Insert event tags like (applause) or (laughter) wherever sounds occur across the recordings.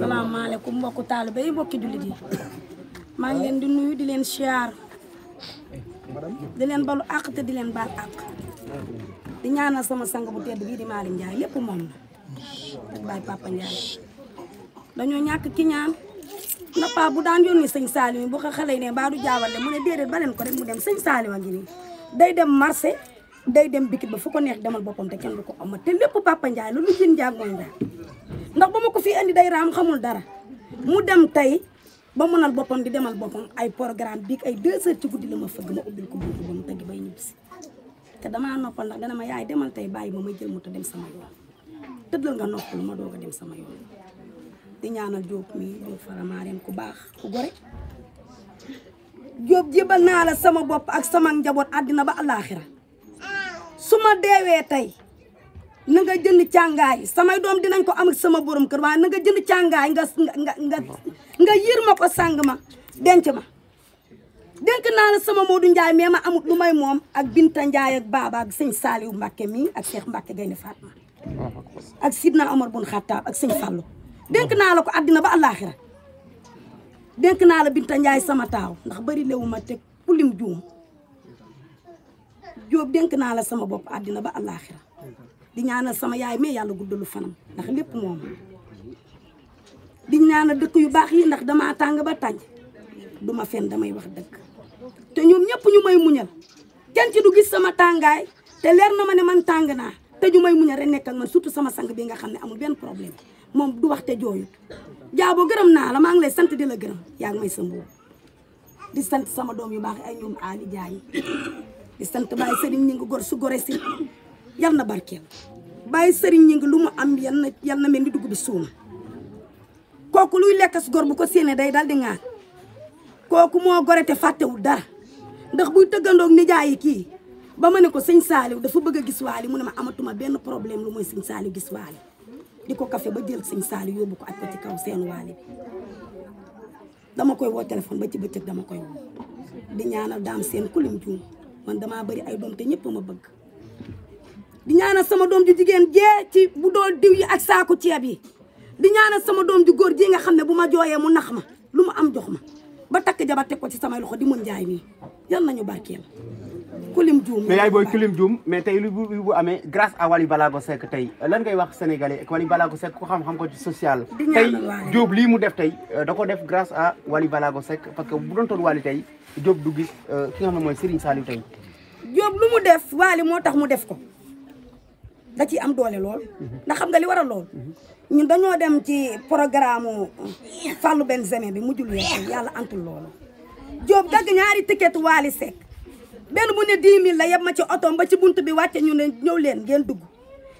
Assalamualaikum bokku talibé bokki mbokki jullit yi maa ngi len di nuyu di len siyaar di len balu ak te di len bal ak di ñaanal sama sang bu tedd bi di Malick ndjay lepp mom la ak baay Papa ndjay dañu ñak ki ñaan na pa bu daan yoni seigne salim bu ko xale yi ne mbaa du mu ne balen ko rek mu dem seigne salim ngi day dem marché day dem bikit ba fu ko neex demal bopam te kenn du ko amat te lepp Papa ndjay lu ñu jën mooy ndax ba ma ko fi indi day raam xamul dara mu dem tey ba mënal boppam di demal boppam ay programme bi ay deux heures ci guddi la ma fëgg na ubbil ko buntu ba mu tëgg bay ñibbisi te damaa noppal ndax dana ma yaay demal tey bàyyi ba ma jël mu sama yoon tëddal nga noppalu ma doog a dem sama yoon di ñaanal Diop mi Diop faramaareen ku baax ku gore Diop jébal naa la sama bopp ak sama njaboot àddina ba àllaaxira su ma deewee tey na nga jënd ciangaay samay doom dinañ ko am ak sama borom kër waaye na nga jënd ciangaay nga nga nga nga yër ma ko ma denc ma denk na la sama Modou ndjay mema amut lu may moom ak Binta ndjay ak Baba ak seigne saliw Mbacke mi ak Cheikh Mbacke gayne Fatma ak Sidna Omar bun Khattab ak seigne fallo denk na la ko adina ba alakhirah denk na la Binta ndjay sama taw ndax bari lewu ma teg ku lim juum la sama bop adina ba alakhirah di ñaanal sama yaay mais yàlla guddalu fanam ndax lépp moom di ñaanal dëkk yu baax yi ndax damaa tàng ba tànj du ma fen damay wax dëkk te ñoom ñëpp ñu may muñal kenn ci du gis sama tàngaay te leer na ma ne man tàng naa te ñu may muñal rek nekk ak man surtout sama sang bi nga xam ne amul benn problème moom du wax te jooyut jaabo gërëm naa la maa ngi lay sant di la gërëm yaa ngi may sa mboobu di sant sama doom yu baax ay ñoom Ali Jaay di sant Baye Serigne ñi gore si yal na barkeel bàyyi sëriñ ñi lu mu am yal na yal na mel ni dugub bi suuna kooku luy lekkas gor bu ko séenee day dal di ŋaan kooku moo gore te fàttewul dara ndax buy tëggandoog nijaay yi kii ba ma ne ko sëñ Saaliw dafa bëgg a gis waali mu ne ma amatuma benn problème lu mooy sëñ Saaliw gis waali di ko kafe ba jël sëñ Saaliw yóbbu ko ak ko ci kaw seen waali bi dama koy woo téléphone ba ci bëccëg dama koy woo di ñaanal daam seen kulim juum man damaa bari ay doom te ñëpp ma bëgg di ñaanal sama doom ju jigéen jee ci bu dool diw yi ak saaku ceeb yi di ñaanal sama doom ju góor ji nga xam ne bu ma jooyee mu nax ma lu mu am jox ma ba takk jabar ko ci samay loxo di mën njaay nii yal nañu barkeel kulim juum mais yaay booy kulim juum mais tey lu bu bu amee grâce à Wally Ballago sekk tey lan ngay wax sénégalais Wally Ballago Seck ku xam-xam ko ci social tey Diop lii mu def tey euh, da ko def grâce à Wally Ballago Seck parce que bu doon toon Wally tey Diop du gis euh, nga xam ne mooy Serigne Saliou tey Diop lu mu def Wally moo tax mu def ko da ciy am doole lool ndax xam nga li waral lool ñun dañoo dem ci programme Fallou Benzema bi mu mujjul yee yàlla antul loolu Diop dagg ñaari ticket Wally Seck benn bu ne 10 la yeb ma ci oto ba ci bunt bi wàcce ñu ne ñëw leen ngeen dugg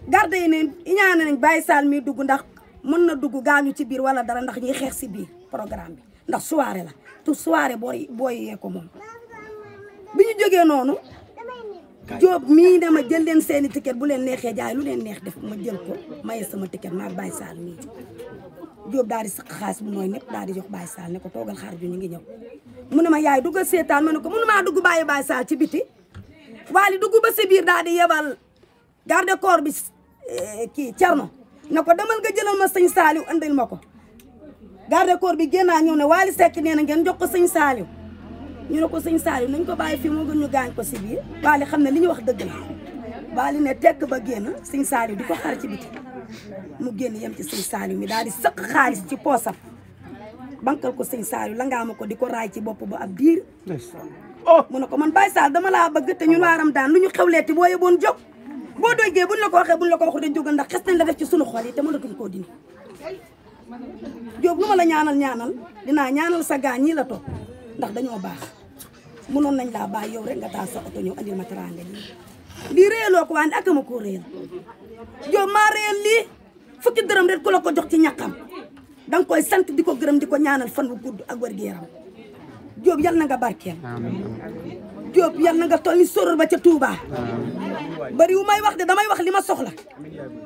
garde yi ne ñaan nañ bàyyi saal mi dugg ndax mën na dugg gaañu ci biir wala dara ndax ñuy xeex si biir programme bi ndax soirée la tu soirée booy booy ko moom bi ñu jógee noonu Diop mii dama jël leen seeni ticket bu leen neexee jaay lu leen neex def ma jël ko maye sama ticket maa Baye Sall mii Diop daal saq xaas bu nooy népp daal di jox Baye Sall ne ko toogal xaar ju ñu ngi ñëw mu ne ma yaay dugg seetaan ma ne ko mënumaa dugg bàyyi Baye Sall ci biti waali dugg ba si biir daal di yebal garde corps bi eh, kii Cerno na ko demal ga jëlal ma sëñ Saliou andil ma ko garde corps bi génnaa ñëw ne waali sekk nee na ngeen jox ko sëñ Saliou ñu ne ko sëñ Saliou nañ ko bàyyi fii moo gën ñu gaañ ko si biir Waly xam ne li ñu wax dëgg la Waly ne tekk ba génn sëñ Saliou di ko xaar ci biti mu génn yem ci sëñ Saliou mi daal di sëq xaalis ci poosam bankal ko sëñ Saliou la ngaa ma ko di ko raay ci bopp ba ab diir oh mu ne ko man Baye Sall dama laa bëgg te ñun waaram daan lu ñu xewleeti boo yeboon jóg boo doygee buñ la ko waxee buñ la ko waxu dañ jógal ndax xes nañ la def ci suñu xol yi te mënatuñ koo dindi Diop la ñaanal ñaanal dinaa ñaanal sa ñii la toog ndax dañoo baax munon nañ la bay yow rek nga ta sa oto ñëw andil ma teraanga lii lii réeloo ko waaye ak ma ko réel yow ma réel li fukki dërëm rek ko la ko jox ci ñakam dang koy sant diko ko diko ko ñaanal fan bu gudd ak wér gi yaram job yalla nga barkel Diop job yalla nga tolli soror ba ca Touba bari wu may wax de damay wax lima ma soxla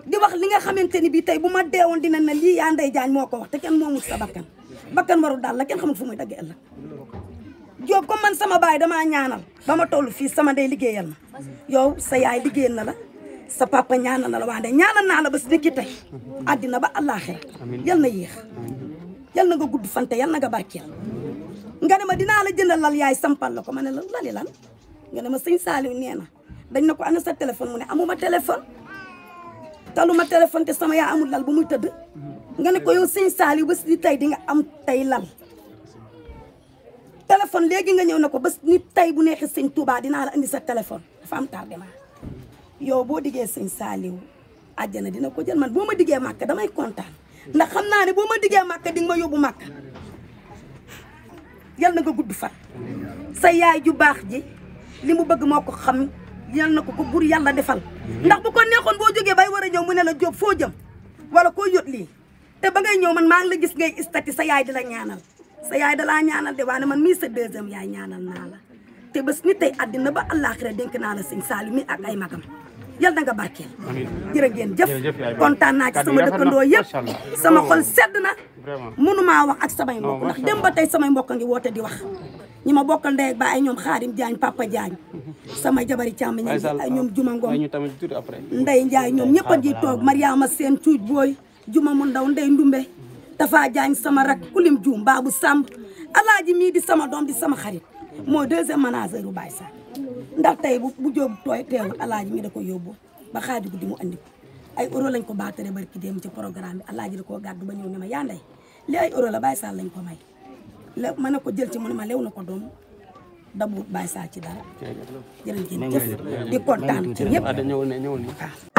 di wax li nga xamanteni bi tay buma bu dina na li ya nday Diagne moko ko wax te ken momu sa bakkan bakkan warul la ken xamul fu muy dagge ëllëg Diop comme man sama baay damaa ñaanal ba ma toll fii sama ndey liggéeyal na yow sa yaay liggéeyal na la sa papa ñaanal na la wax nde ñaanal naa la ba si nekki tey àddina ba àllaaxira yal na yéex yal na nga gudd fante yal na nga barkeel nga ne ma dinaa la jëndal lal yaay sampal la ko ma ne la lali lan nga ne ma sëñ Saliou nee na dañ na ko ana sa téléphone mu ne amuma téléphone taluma téléphone te sama yaa amul lal ba muy tëdd nga ne ko yow sëñ Saliou ba si tey di nga am tey lal téléphone léegi nga ñew nako ko ba nit tay bu neexee seigne Touba dina la indi sa téléphone dafa am tardement yow bo diggé seigne saliw aljana dina ko jël man bo ma diggé makka damay contane ndax xamna ni bo ma diggé makka ding ma yobbu makka yal na nga gudd fa sa yaay ju bax ji limu bëgg moko xam yal na ko bur yalla defal ndax bu ko bo joggé bay wara ñew mu ne la job fo jëm wala ko yót li te ba ngay ñew man ma ngi la gis ngay istati sa yaay dila ñaanal sa yaay dalaa ñaanal de waaye man mii sa deuxième yaay ñaanal naa la te bés ni tey àddina ba àllaaxira dénk naa la sëñ Saliou mi ak ay magam yal na nga barkeel jërë ngeen jëf kontaan naa ci sama dëkkandoo yëpp sama xol sedd na mënumaa wax ak samay mbokk ndax dem ba tey samay mbokk a woote di wax ñi ma bokkal ndey ak baay ay ñoom Xaadim Jaañ Papa Jaañ sama jabari càmm ñi ay ñoom Juma Ngom Ndey Njaay ñoom ñëpp a ji toog Mariama Seen Cuuj Booy Juma mu ndaw Ndey Ndumbe dafa jaañ sama rak kulim juum baabu sàmb alaaji mii di sama doom di sama xarit moo deuxième manager u Baye Sarr ndax tey bu bu jóob tooy teewul alaaji mii da ko yóbbu ba xaadi guddi mu andi ko ay euro lañ ko baatare barki dem ci programme bi alaaji da koo gàddu ba ñëw ne ma yaa ndey li ay euro la baay Sarr lañ ko may la mën na ko jël ci mu ne ma lew na ko doom dabu Baye Sarr ci dara jërëjëf di kontaan ci ñëpp ah, waaw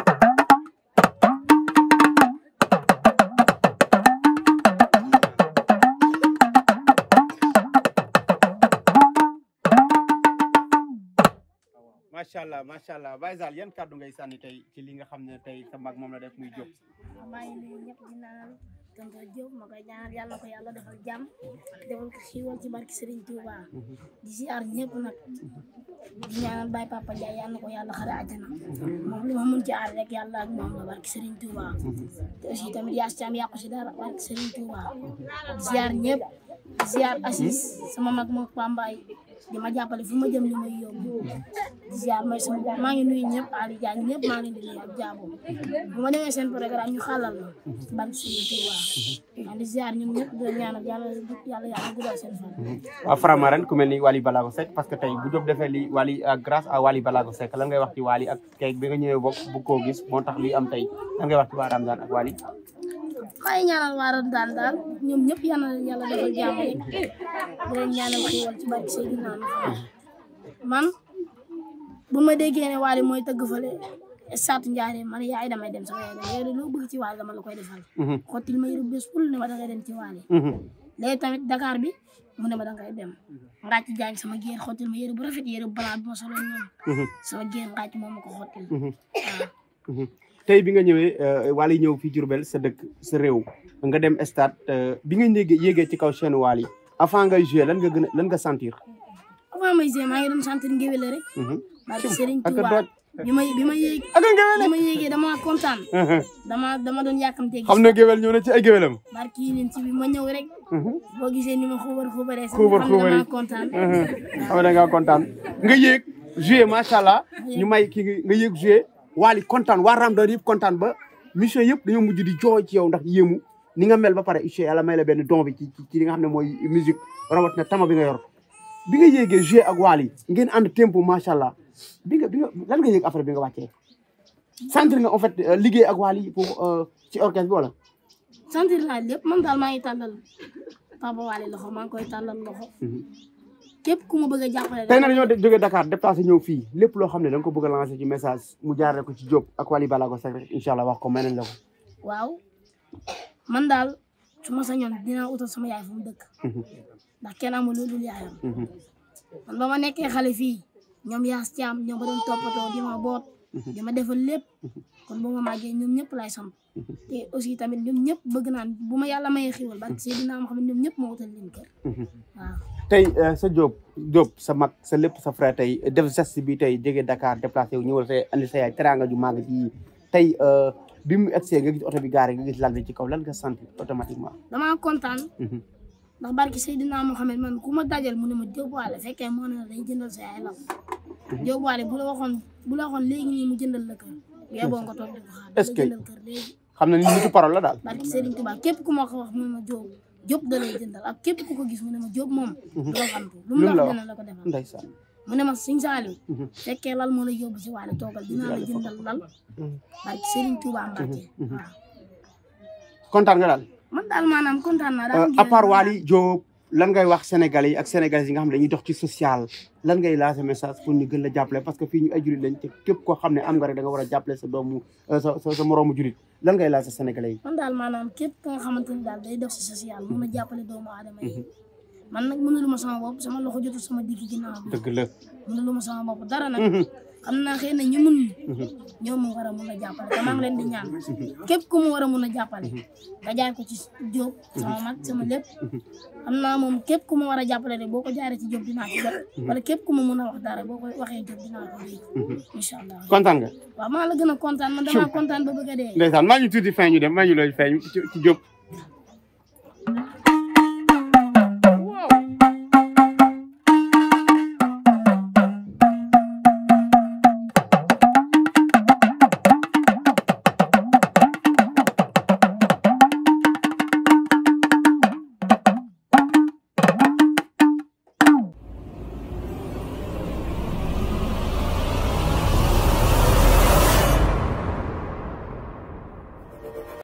macha allah macha allah Baye Zal yan kàddu ngay sànni tey ci nga xam ne tey sa mag moom la def muy jóg. maa ngi nuyu ñëpp di naan tonton Diop ma koy ñaanal yàlla ko yàlla defal jàmm defal ko xiiwal ci barki Serigne Touba di ziar ñëpp nag di ñaanal Baye Papa Ndiaye yàlla ko yàlla xare àjjana moom li ma rek yàlla ak moom barki Serigne Touba te aussi tamit yaa di ziar ñëpp di ziar Assis sama mag moom Pambaay. di ma jàppale fu ma jëm li may yóbbu di may sama bopp maa ngi nuyu ñëpp Aliou Diagne maa ngi leen di nuyu ak jaabo bu ma demee seen programme ñu ngi ziar ñun ñëpp di ñaanal yàlla yàlla yàlla guddal seen fan waaw Frama ren ku mel ni Wally Ballago Seck parce que tey bu Diop defee li Wally euh, grâce à Wally Ballago Seck lan ngay wax ci Wally ak bi nga ñëwee bokk bu koo gis moo tax li am tey lan ngay wax ci waa Ramzane ak maa ngi ñaanal waa Ramadan daal ñoom ñëpp yàlla na yàlla defal man bu ma déggee ne Wally mooy tëgg fële saatu njaare man yaay damay dem sama yaay dem yaay loo bëgg ci Wally dama la koy defal mhm. xottil ma yërëb bés pul ne ma dangay dem ci Wally mhm. léegi tamit Dakar bi mu ne ma dangay dem ngàcc jaañ sama géer xottil ma yërëb bu rafet yërëb balaa bi ma soloon noonu mhm. sama géer ngàcc moom ma ko xottil waaw tey bi nga ñëwee euh, waal yi ñëw fii Diourbel sa dëkk sa réew nga dem stade euh, bi nga yéegee yéegee ci kaw chaîne waal yi avant ngay joué lan nga gën lan nga sentir. avant may joué maa ngi doon sentir ngéwél rek. Mhm. barke ma bi ma yéeg bi ma yéegee dama kontaan. Mhm. dama dama doon xam na géwél ñëw na ci ay géwélam. barke yi leen ci bi ma ñëw rek. Mhm. boo gisee ni kontaan. nga da macha allah ñu may kii nga yéeg joué. waali kontaan waa Ramadane yëpp kontaan ba mission yëpp dañoo mujj di jooy ci yow ndax yéemu ni nga mel ba pare incha yàlla may la benn don bi ci ci li nga xam ne mooy musique rawat na tama bi nga yor bi nga yéegee joué ak waali ngeen ànd tempo macha allah bi nga bi nga lan nga yéeg affaire bi nga wàccee. sentir nga en fait euh, liggéey ak waali pour euh, ci orchestre bi wala. sentir naa lépp man daal maa ngi tàllal Papa Waly loxo maa ngi koy tàllal loxo. Mhm. képp ku ma bëgg a jàppale. tey nag ñoo jógee Dakar déplacé ñëw fii lépp loo xam ne da ko bëgg a lancé message mu jaarale ko ci Diop ak Wally Ballago Seck rek incha allah wax ko may nañ la waaw man daal su ma sañoon dinaa utal sama yaay fu mu dëkk. Mhm. ndax kenn amul lu dul yaayam. Mhm. man ba ma nekkee xale fii ñoom yaas caam ñoom ba doon toppatoo di ma boot. Mhm. di ma defal lépp. kon bu ma màggee ñoom ñëpp laay sant (laughs) te aussi tamit ñoom ñëpp bëgg naan bu ma yàlla mayee xiwal ba si dinaa ma xam ne ñoom ñëpp ma wutal leen kër (laughs) waaw tey euh, sa Diop Diop sa mag sa lépp sa tey def geste bi tey jógee Dakar déplacé wu ñëwal sa andi sa ju màgg ji tey euh, bi mu egsee nga gis oto bi gaare nga gis lal bi ci kaw lan nga sant automatiquement damaa kontaan mhm. ndax barki Seydina Mohamed man ku ma dajal mu ne ma Diop Wale fekkee moo ne la day jëndal sa yaay lal mhm. Diop Wale bu la waxoon léegi nii mu jëndal la yaa boo nga toog di ko xaar. est-ce que xam na ni parole la daal. barke Serigne Touba képp ku ma ko wax mu ma jóg jóg da lay jëndal ak képp ku ko gis mu ne ma jóg moom. du ko xam la wax dina ko defal. ndeysaan mu ma Serigne Saliou. Mhm. lal moo lay yóbbu si waale toogal dinaa la jëndal lal. Mhm. barke Serigne Touba mhm. Mbacké waaw. kontaan nga daal. man daal maanaam kontaan naa daal. Euh, à part Waly Diop. lan ngay wax sénégalais yi ak sénégalais yi nga xam ne dañuy dox ci social lan ngay lancé message pour ñu gën la jàppale parce que fii ñu ay julit lañ képp koo xam ne am nga rek da war a jàppale sa doomu euh, sa moroomu julit lan ngay lancé sénégalais yi. man daal maanaam képp ku nga xamante ni daal day dox si social mën a jàppale doomu aadama yi. Mhm. man nag mënuluma sama bopp sama loxo jotul sama digg ginnaaw. dëgg la mënuluma sama bopp dara nag. Mhm. am na xëy na ñu mun ñoo mu war a mun a jàppale te maa ngi leen képp ku mu war a mun a jàppale nga jaar ko ci Diop sama mag sama lépp am naa moom képp ku mu war a jàppale rek boo ko jaaree ci Diop dinaa a jot wala képp ku mu mun a wax dara boo ko waxee Diop dinaa ko allah kontaan nga waaw la gën kontaan man kontaan ba bëgg a dee ndeysaan maa ñu tuuti feeñ ñu dem ñu looy feeñ ci Diop